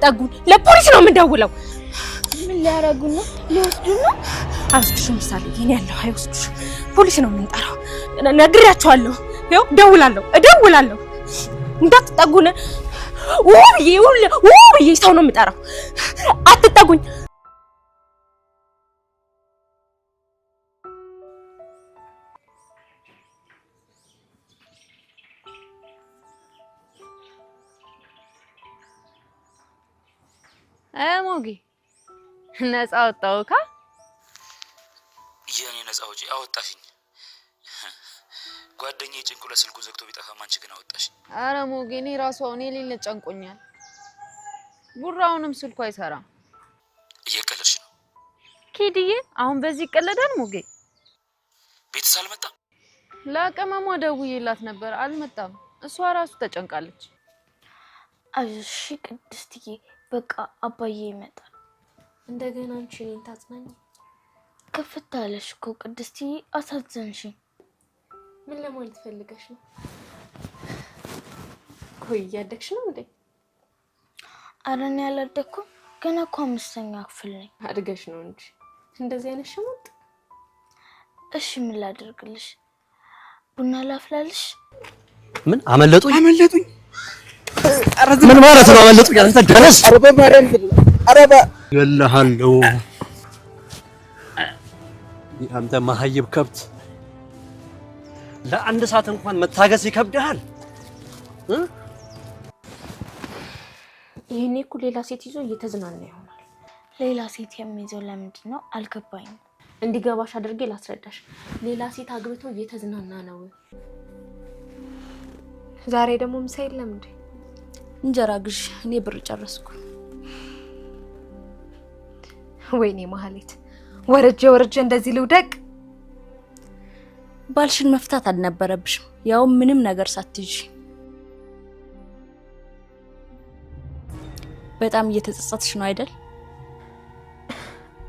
ሊያጠጉን ለፖሊስ ነው የምንደውለው። ምን ሊያረጉን ነው? ሊወስዱን ነው? አይወስዱሽም ምሳሌ፣ ይሄን ያለው አይወስዱሽም። ፖሊስ ነው የምንጠራው። ነግሬያቸዋለሁ። ይኸው እደውላለሁ፣ እደውላለሁ። እንዳትጠጉን ውብዬ፣ ውብዬ ሰው ነው የምጠራው። አትጠጉኝ ሞጌ ነፃ ወጣው ካ የኔ ነፃ ውጪ አወጣሽኝ። ጓደኛዬ ጭንቁለት ስልኩን ዘግቶ ቢጠፋም አንቺ ግን አወጣሽኝ። አረ ሞጌ እኔ ራሱ አሁን የሌለ ጨንቆኛል። ቡራውንም ስልኩ አይሰራም። እየቀለድሽ ነው ኪድዬ? አሁን በዚህ ይቀለዳል ሞጌ? ቤትስ አልመጣም? ለአቀማሟ ደውዬላት ነበር፣ አልመጣም። እሷ ራሱ ተጨንቃለች። እሺ ቅድስትዬ በቃ አባዬ ይመጣል። እንደገና አንቺ እኔን ታጽናኝ። ከፍታ አለሽ እኮ ቅድስቲ፣ አሳዘንሽኝ። ምን ለማለት ፈልገሽ ነው? ቆይ እያደግሽ ነው እንዴ? አረ እኔ አላደግኩም። ገና እኮ አምስተኛ ክፍል ነኝ። አድገሽ ነው እንጂ እንደዚህ አይነት ሽሙጥ። እሺ ምን ላደርግልሽ? ቡና ላፍላልሽ? ምን አመለጡኝ፣ አመለጡኝ ምን ማለት ነው? አመለጡ ያንተ ደረስ እገልሃለሁ። አንተ መሀይብ ከብት ለአንድ ሰዓት እንኳን መታገስ ይከብድሃል። ይህኔ እኮ ሌላ ሴት ይዞ እየተዝናና ይሆናል። ሌላ ሴት የሚይዘው ለምንድን ነው አልገባኝም። እንዲገባሽ አድርጌ ላስረዳሽ። ሌላ ሴት አግብቶ እየተዝናና ነው። ዛሬ ደግሞ ምሳ የለም እንዴ? እንጀራ ግዥ፣ እኔ ብር ጨረስኩ። ወይኔ ማህሌት፣ ወረጀ ወረጀ፣ እንደዚህ ልውደቅ። ባልሽን መፍታት አልነበረብሽም፣ ያውም ምንም ነገር ሳትይዥ። በጣም እየተጸጸትሽ ነው አይደል?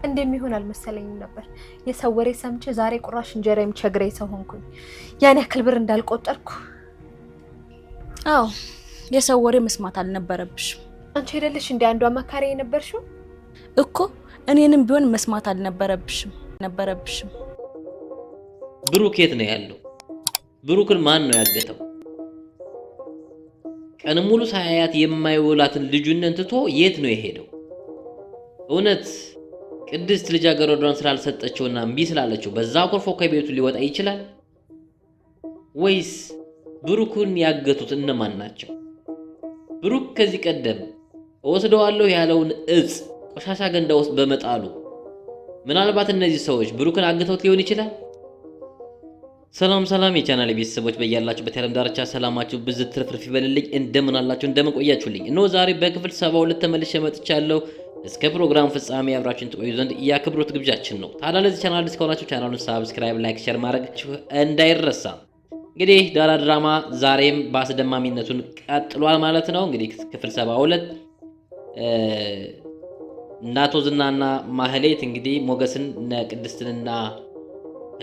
እንደሚሆን አልመሰለኝም ነበር። የሰው ወሬ ሰምቼ ዛሬ ቁራሽ እንጀራ የሚቸግረኝ ሰው ሆንኩኝ። ያን ያክል ብር እንዳልቆጠርኩ። አዎ የሰው ወሬ መስማት አልነበረብሽ። አንቺ ሄደልሽ እንደ አንዷ መካሪ የነበርሽው እኮ እኔንም ቢሆን መስማት አልነበረብሽም ነበረብሽም። ብሩክ የት ነው ያለው? ብሩክን ማን ነው ያገተው? ቀን ሙሉ ሳያያት የማይውላትን ልጁነን ትቶ የት ነው የሄደው? እውነት ቅድስት ልጃገረዷን ስላልሰጠችውና እምቢ ስላለችው በዛ ኮርፎ ከቤቱ ሊወጣ ይችላል? ወይስ ብሩክን ያገቱት እነማን ናቸው? ብሩክ ከዚህ ቀደም እወስደዋለሁ ያለውን እጽ ቆሻሻ ገንዳ ውስጥ በመጣሉ ምናልባት እነዚህ ሰዎች ብሩክን አግተውት ሊሆን ይችላል። ሰላም ሰላም የቻናል ቤተሰቦች በያላችሁበት የዓለም ዳርቻ ሰላማችሁ ብዝት ትርፍርፍ ይበልልኝ። እንደምን አላችሁ? እንደምን ቆያችሁልኝ? እነሆ ዛሬ በክፍል 72 ሁለት ተመልሼ መጥቻለሁ። እስከ ፕሮግራም ፍጻሜ አብራችሁን ትቆዩ ዘንድ የአክብሮት ግብዣችን ነው። ታዲያ ለዚህ ቻናል እስከሆናችሁ ቻናሉን ሳብስክራይብ፣ ላይክ፣ ሼር ማድረጋችሁ እንዳይረሳ። እንግዲህ ዳራ ድራማ ዛሬም በአስደማሚነቱን ቀጥሏል ማለት ነው። እንግዲህ ክፍል ሰባ ሁለት እና አቶ ዝናና ማህሌት እንግዲህ ሞገስን እነ ቅድስትንና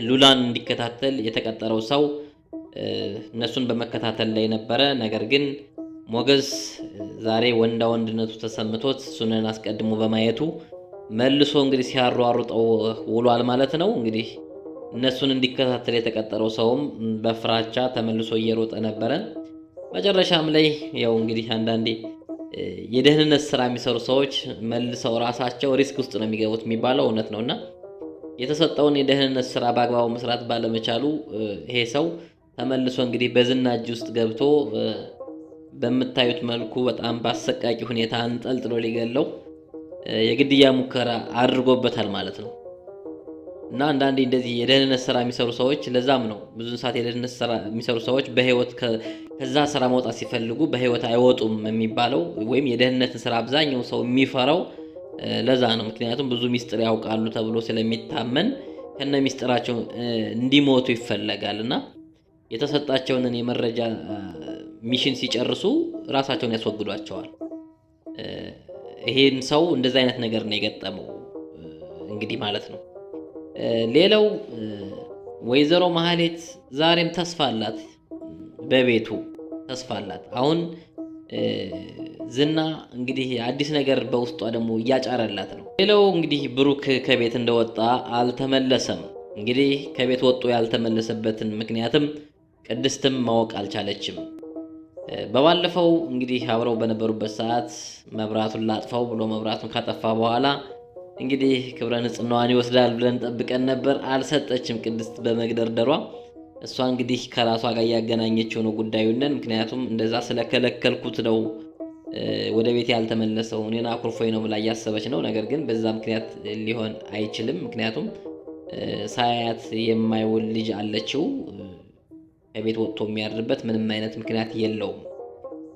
ሉላን እንዲከታተል የተቀጠረው ሰው እነሱን በመከታተል ላይ ነበረ። ነገር ግን ሞገስ ዛሬ ወንዳ ወንድነቱ ተሰምቶት እሱንን አስቀድሞ በማየቱ መልሶ እንግዲህ ሲያሯሩጠው ውሏል ማለት ነው እንግዲህ እነሱን እንዲከታተል የተቀጠረው ሰውም በፍራቻ ተመልሶ እየሮጠ ነበረ። መጨረሻም ላይ ያው እንግዲህ አንዳንዴ የደህንነት ስራ የሚሰሩ ሰዎች መልሰው ራሳቸው ሪስክ ውስጥ ነው የሚገቡት የሚባለው እውነት ነው እና የተሰጠውን የደህንነት ስራ በአግባቡ መስራት ባለመቻሉ ይሄ ሰው ተመልሶ እንግዲህ በዝና እጅ ውስጥ ገብቶ በምታዩት መልኩ በጣም በአሰቃቂ ሁኔታ አንጠልጥሎ ሊገለው የግድያ ሙከራ አድርጎበታል ማለት ነው። እና አንዳንዴ እንደዚህ የደህንነት ስራ የሚሰሩ ሰዎች ለዛም ነው ብዙን ሰዓት የደህንነት ስራ የሚሰሩ ሰዎች በህይወት ከዛ ስራ መውጣት ሲፈልጉ በህይወት አይወጡም የሚባለው ወይም የደህንነትን ስራ አብዛኛው ሰው የሚፈራው ለዛ ነው። ምክንያቱም ብዙ ሚስጥር ያውቃሉ ተብሎ ስለሚታመን ከነ ሚስጥራቸው እንዲሞቱ ይፈለጋል እና የተሰጣቸውን የመረጃ ሚሽን ሲጨርሱ ራሳቸውን ያስወግዷቸዋል። ይሄን ሰው እንደዚህ አይነት ነገር ነው የገጠመው እንግዲህ ማለት ነው። ሌላው ወይዘሮ ማህሌት ዛሬም ተስፋ አላት፣ በቤቱ ተስፋ አላት። አሁን ዝና እንግዲህ አዲስ ነገር በውስጧ ደግሞ እያጫረላት ነው። ሌላው እንግዲህ ብሩክ ከቤት እንደወጣ አልተመለሰም። እንግዲህ ከቤት ወጦ ያልተመለሰበትን ምክንያትም ቅድስትም ማወቅ አልቻለችም። በባለፈው እንግዲህ አብረው በነበሩበት ሰዓት መብራቱን ላጥፋው ብሎ መብራቱን ካጠፋ በኋላ እንግዲህ ክብረ ንጽህናዋን ይወስዳል ብለን ጠብቀን ነበር። አልሰጠችም ቅድስት በመግደርደሯ። እሷ እንግዲህ ከራሷ ጋር እያገናኘችው ነው ጉዳዩነን። ምክንያቱም እንደዛ ስለከለከልኩት ነው ወደ ቤት ያልተመለሰው እኔን አኩርፎኝ ነው ብላ እያሰበች ነው። ነገር ግን በዛ ምክንያት ሊሆን አይችልም። ምክንያቱም ሳያት የማይውል ልጅ አለችው። ከቤት ወጥቶ የሚያድርበት ምንም አይነት ምክንያት የለውም።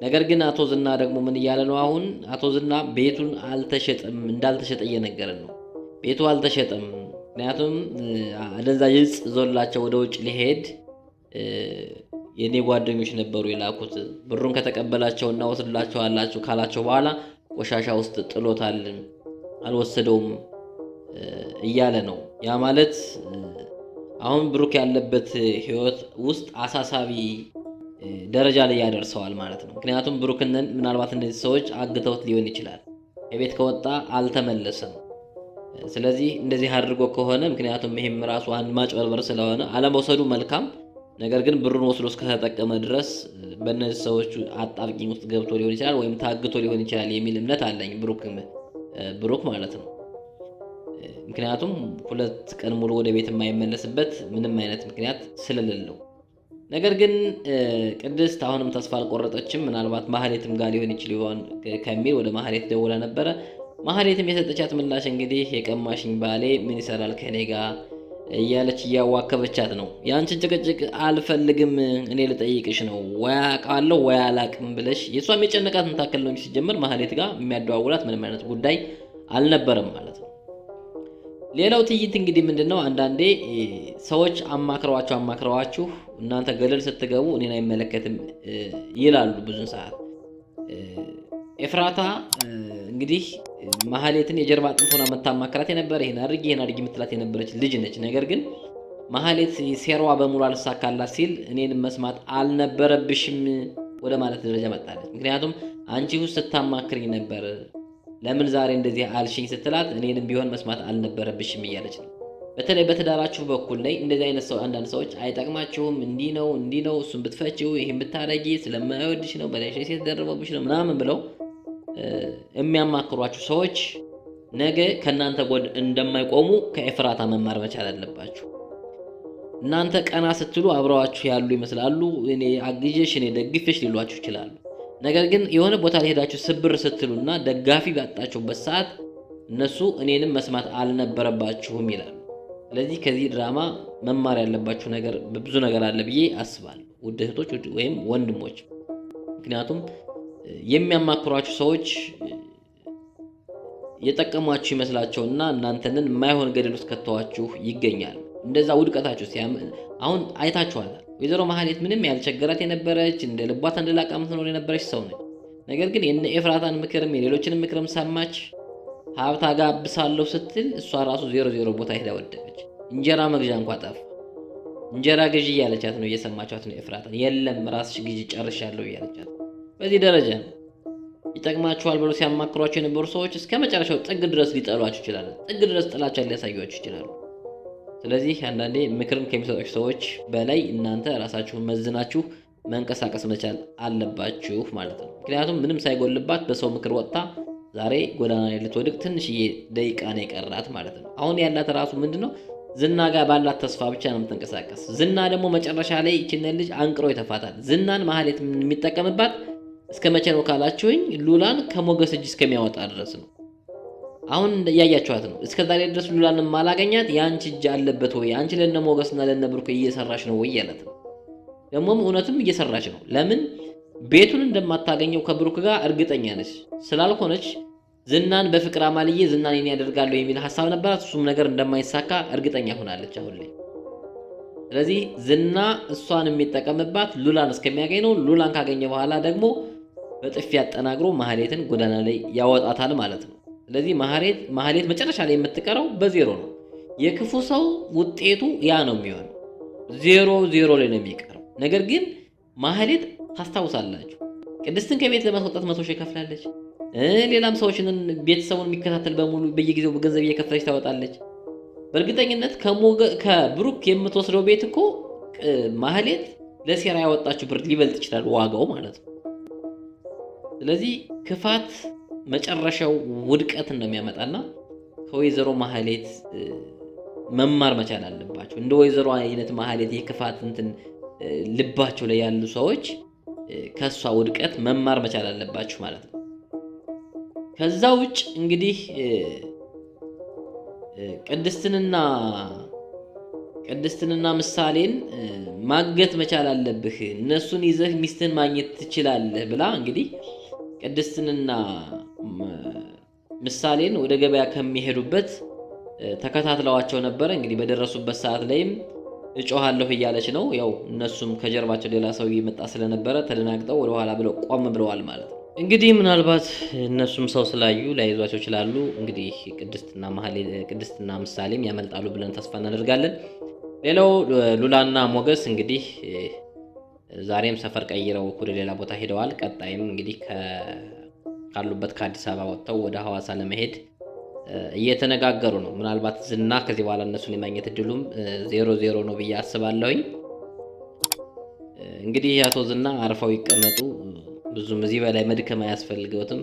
ነገር ግን አቶ ዝና ደግሞ ምን እያለ ነው? አሁን አቶ ዝና ቤቱን አልተሸጠም እንዳልተሸጠ እየነገረን ነው። ቤቱ አልተሸጠም፣ ምክንያቱም አደንዛዥ እጽ ዞላቸው ወደ ውጭ ሊሄድ የእኔ ጓደኞች ነበሩ የላኩት። ብሩን እና ወስድላቸው አላችሁ ካላቸው በኋላ ቆሻሻ ውስጥ ጥሎታል፣ አልወሰደውም እያለ ነው። ያ ማለት አሁን ብሩክ ያለበት ህይወት ውስጥ አሳሳቢ ደረጃ ላይ ያደርሰዋል ማለት ነው። ምክንያቱም ብሩክንን ምናልባት እነዚህ ሰዎች አግተውት ሊሆን ይችላል። የቤት ከወጣ አልተመለሰም። ስለዚህ እንደዚህ አድርጎ ከሆነ ምክንያቱም ይህም ራሱ አንድ ማጭበርበር ስለሆነ አለመውሰዱ መልካም፣ ነገር ግን ብሩን ወስዶ እስከተጠቀመ ድረስ በእነዚህ ሰዎች አጣብቂኝ ውስጥ ገብቶ ሊሆን ይችላል ወይም ታግቶ ሊሆን ይችላል የሚል እምነት አለኝ ብሩክ ማለት ነው። ምክንያቱም ሁለት ቀን ሙሉ ወደ ቤት የማይመለስበት ምንም አይነት ምክንያት ስለሌለው ነገር ግን ቅድስት አሁንም ተስፋ አልቆረጠችም። ምናልባት ማህሌትም ጋር ሊሆን ይችል ይሆን ከሚል ወደ ማህሌት ደውላ ነበረ። ማህሌትም የሰጠቻት ምላሽ እንግዲህ የቀማሽኝ ባሌ ምን ይሰራል ከእኔ ጋር እያለች እያዋከበቻት ነው። የአንችን ጭቅጭቅ አልፈልግም፣ እኔ ልጠይቅሽ ነው ወይ አውቃለሁ ወይ አላቅም ብለሽ የእሷም የጨነቃት ታክል ነው እንጂ ማህሌት ጋር የሚያደዋውላት ምንም አይነት ጉዳይ አልነበረም ማለት ሌላው ትዕይንት እንግዲህ ምንድን ነው? አንዳንዴ ሰዎች አማክረዋቸው አማክረዋችሁ እናንተ ገደል ስትገቡ እኔን አይመለከትም ይላሉ። ብዙን ሰዓት ኤፍራታ እንግዲህ መሀሌትን የጀርባ አጥንት ሆና መታማክራት የነበረ ይህን አድርጊ ይህን አድርጊ የምትላት የነበረች ልጅ ነች። ነገር ግን መሀሌት ሴሯ በሙሉ አልሳካላት ሲል እኔን መስማት አልነበረብሽም ወደ ማለት ደረጃ መጣለች። ምክንያቱም አንቺ ውስጥ ስታማክሪኝ ነበር ለምን ዛሬ እንደዚህ አልሽኝ ስትላት እኔንም ቢሆን መስማት አልነበረብሽም እያለች ነው። በተለይ በትዳራችሁ በኩል ላይ እንደዚህ አይነት ሰው አንዳንድ ሰዎች አይጠቅማችሁም፣ እንዲህ ነው እንዲህ ነው፣ እሱን ብትፈጪው፣ ይህን ብታረጊ ስለማይወድሽ ነው፣ በላይ ሴት ደርበብሽ ነው ምናምን ብለው የሚያማክሯችሁ ሰዎች ነገ ከእናንተ ጎን እንደማይቆሙ ከኤፍራታ መማር መቻል አለባችሁ። እናንተ ቀና ስትሉ አብረዋችሁ ያሉ ይመስላሉ። እኔ አግዤሽ፣ እኔ ደግፌሽ ሊሏችሁ ይችላሉ። ነገር ግን የሆነ ቦታ ላይ ሄዳችሁ ስብር ስትሉና ደጋፊ ባጣችሁበት ሰዓት እነሱ እኔንም መስማት አልነበረባችሁም ይላል። ስለዚህ ከዚህ ድራማ መማር ያለባችሁ ነገር ብዙ ነገር አለ ብዬ አስባለሁ፣ ውድ እህቶች ወይም ወንድሞች። ምክንያቱም የሚያማክሯችሁ ሰዎች የጠቀሟችሁ ይመስላቸውና እናንተንን የማይሆን ገደል ውስጥ ከተዋችሁ ይገኛል። እንደዛ ውድቀታችሁ አሁን አይታችኋል። ወይዘሮ መሐሌት ምንም ያልቸገራት የነበረች እንደ ልቧ ተንደላቃ ምትኖር የነበረች ሰው ነች። ነገር ግን የነ ኤፍራታን ምክርም የሌሎችንም ምክርም ሰማች። ሀብት አጋብሳለሁ ስትል እሷ ራሱ ዜሮ ዜሮ ቦታ ሄዳ ወደቀች። እንጀራ መግዣ እንኳ ጠፋ። እንጀራ ግዢ እያለቻት ነው፣ እየሰማቻት ነው ኤፍራታን። የለም ራስሽ ግዢ ጨርሻለሁ እያለቻት በዚህ ደረጃ ነው። ይጠቅማችኋል ብሎ ሲያማክሯቸው የነበሩ ሰዎች እስከ መጨረሻው ጥግ ድረስ ሊጠሏቸው ይችላሉ። ጥግ ድረስ ጥላቻ ሊያሳዩአችሁ ይችላሉ። ስለዚህ አንዳንዴ ምክርን ከሚሰጧችሁ ሰዎች በላይ እናንተ ራሳችሁን መዝናችሁ መንቀሳቀስ መቻል አለባችሁ ማለት ነው። ምክንያቱም ምንም ሳይጎልባት በሰው ምክር ወጥታ ዛሬ ጎዳና ላይ ልትወድቅ ትንሽዬ ደቂቃ ነው የቀራት ማለት ነው። አሁን ያላት ራሱ ምንድን ነው ዝና ጋር ባላት ተስፋ ብቻ ነው የምትንቀሳቀስ። ዝና ደግሞ መጨረሻ ላይ ይችንን ልጅ አንቅሮ ይተፋታል። ዝናን ማህሌት የሚጠቀምባት እስከ መቼ ነው ካላችሁኝ፣ ሉላን ከሞገስ እጅ እስከሚያወጣ ድረስ ነው። አሁን እያያቸዋት ነው። እስከ ዛሬ ድረስ ሉላን ማላገኛት የአንቺ እጅ አለበት ወይ አንቺ ለነ ሞገስና ለነ ብሩክ እየሰራች ነው ወይ ያለት ነው። ደግሞም እውነትም እየሰራች ነው። ለምን ቤቱን እንደማታገኘው ከብሩክ ጋር እርግጠኛ ነች ስላልሆነች ዝናን በፍቅር አማልዬ ዝናን የኔ ያደርጋለሁ የሚል ሀሳብ ነበራት። እሱም ነገር እንደማይሳካ እርግጠኛ ሆናለች አሁን ላይ። ስለዚህ ዝና እሷን የሚጠቀምባት ሉላን እስከሚያገኝ ነው። ሉላን ካገኘ በኋላ ደግሞ በጥፊ ያጠናግሮ ማህሌትን ጎዳና ላይ ያወጣታል ማለት ነው። ስለዚህ ማህሌት መጨረሻ ላይ የምትቀረው በዜሮ ነው። የክፉ ሰው ውጤቱ ያ ነው የሚሆነው፣ ዜሮ ዜሮ ላይ ነው የሚቀረው። ነገር ግን ማህሌት ታስታውሳላችሁ፣ ቅድስትን ከቤት ለማስወጣት መቶ ሺህ ከፍላለች። ሌላም ሰዎችን ቤተሰቡን የሚከታተል በሙሉ በየጊዜው ገንዘብ እየከፈለች ታወጣለች። በእርግጠኝነት ከብሩክ የምትወስደው ቤት እኮ ማህሌት ለሴራ ያወጣችው ብር ሊበልጥ ይችላል ዋጋው ማለት ነው። ስለዚህ ክፋት መጨረሻው ውድቀት እንደሚያመጣና ከወይዘሮ ማህሌት መማር መቻል አለባቸው። እንደ ወይዘሮ አይነት ማህሌት የክፋት እንትን ልባቸው ላይ ያሉ ሰዎች ከእሷ ውድቀት መማር መቻል አለባችሁ ማለት ነው። ከዛ ውጭ እንግዲህ ቅድስትንና ቅድስትንና ምሳሌን ማገት መቻል አለብህ፣ እነሱን ይዘህ ሚስትን ማግኘት ትችላለህ ብላ እንግዲህ ቅድስትንና ምሳሌን ወደ ገበያ ከሚሄዱበት ተከታትለዋቸው ነበረ። እንግዲህ በደረሱበት ሰዓት ላይም እጮሃለሁ እያለች ነው። ያው እነሱም ከጀርባቸው ሌላ ሰው እየመጣ ስለነበረ ተደናግጠው ወደኋላ ብለው ቆም ብለዋል ማለት ነው። እንግዲህ ምናልባት እነሱም ሰው ስላዩ ላይዟቸው ይችላሉ። እንግዲህ ቅድስትና ቅድስትና ምሳሌም ያመልጣሉ ብለን ተስፋ እናደርጋለን። ሌላው ሉላና ሞገስ እንግዲህ ዛሬም ሰፈር ቀይረው ወደ ሌላ ቦታ ሄደዋል። ቀጣይም እንግዲህ ካሉበት ከአዲስ አበባ ወጥተው ወደ ሐዋሳ ለመሄድ እየተነጋገሩ ነው። ምናልባት ዝና ከዚህ በኋላ እነሱን የማግኘት እድሉም ዜሮ ዜሮ ነው ብዬ አስባለሁኝ። እንግዲህ አቶ ዝና አርፈው ይቀመጡ፣ ብዙም እዚህ በላይ መድከም አያስፈልገውትም።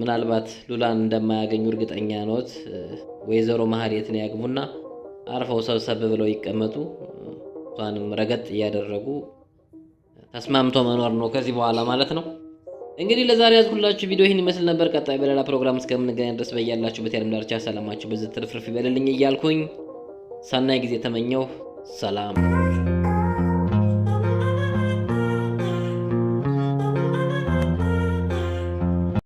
ምናልባት ሉላን እንደማያገኙ እርግጠኛ ኖት። ወይዘሮ ማህሌትን ያግቡና አርፈው ሰብሰብ ብለው ይቀመጡ። እሷንም ረገጥ እያደረጉ ተስማምቶ መኖር ነው ከዚህ በኋላ ማለት ነው። እንግዲህ ለዛሬ ያዝኩላችሁ ቪዲዮ ይህን ይመስል ነበር። ቀጣይ በሌላ ፕሮግራም እስከምንገናኝ ድረስ በያላችሁ የዓለም ዳርቻ ሰላማችሁ በዚህ ትርፍርፍ ይበልልኝ እያልኩኝ ሰናይ ጊዜ ተመኘሁ። ሰላም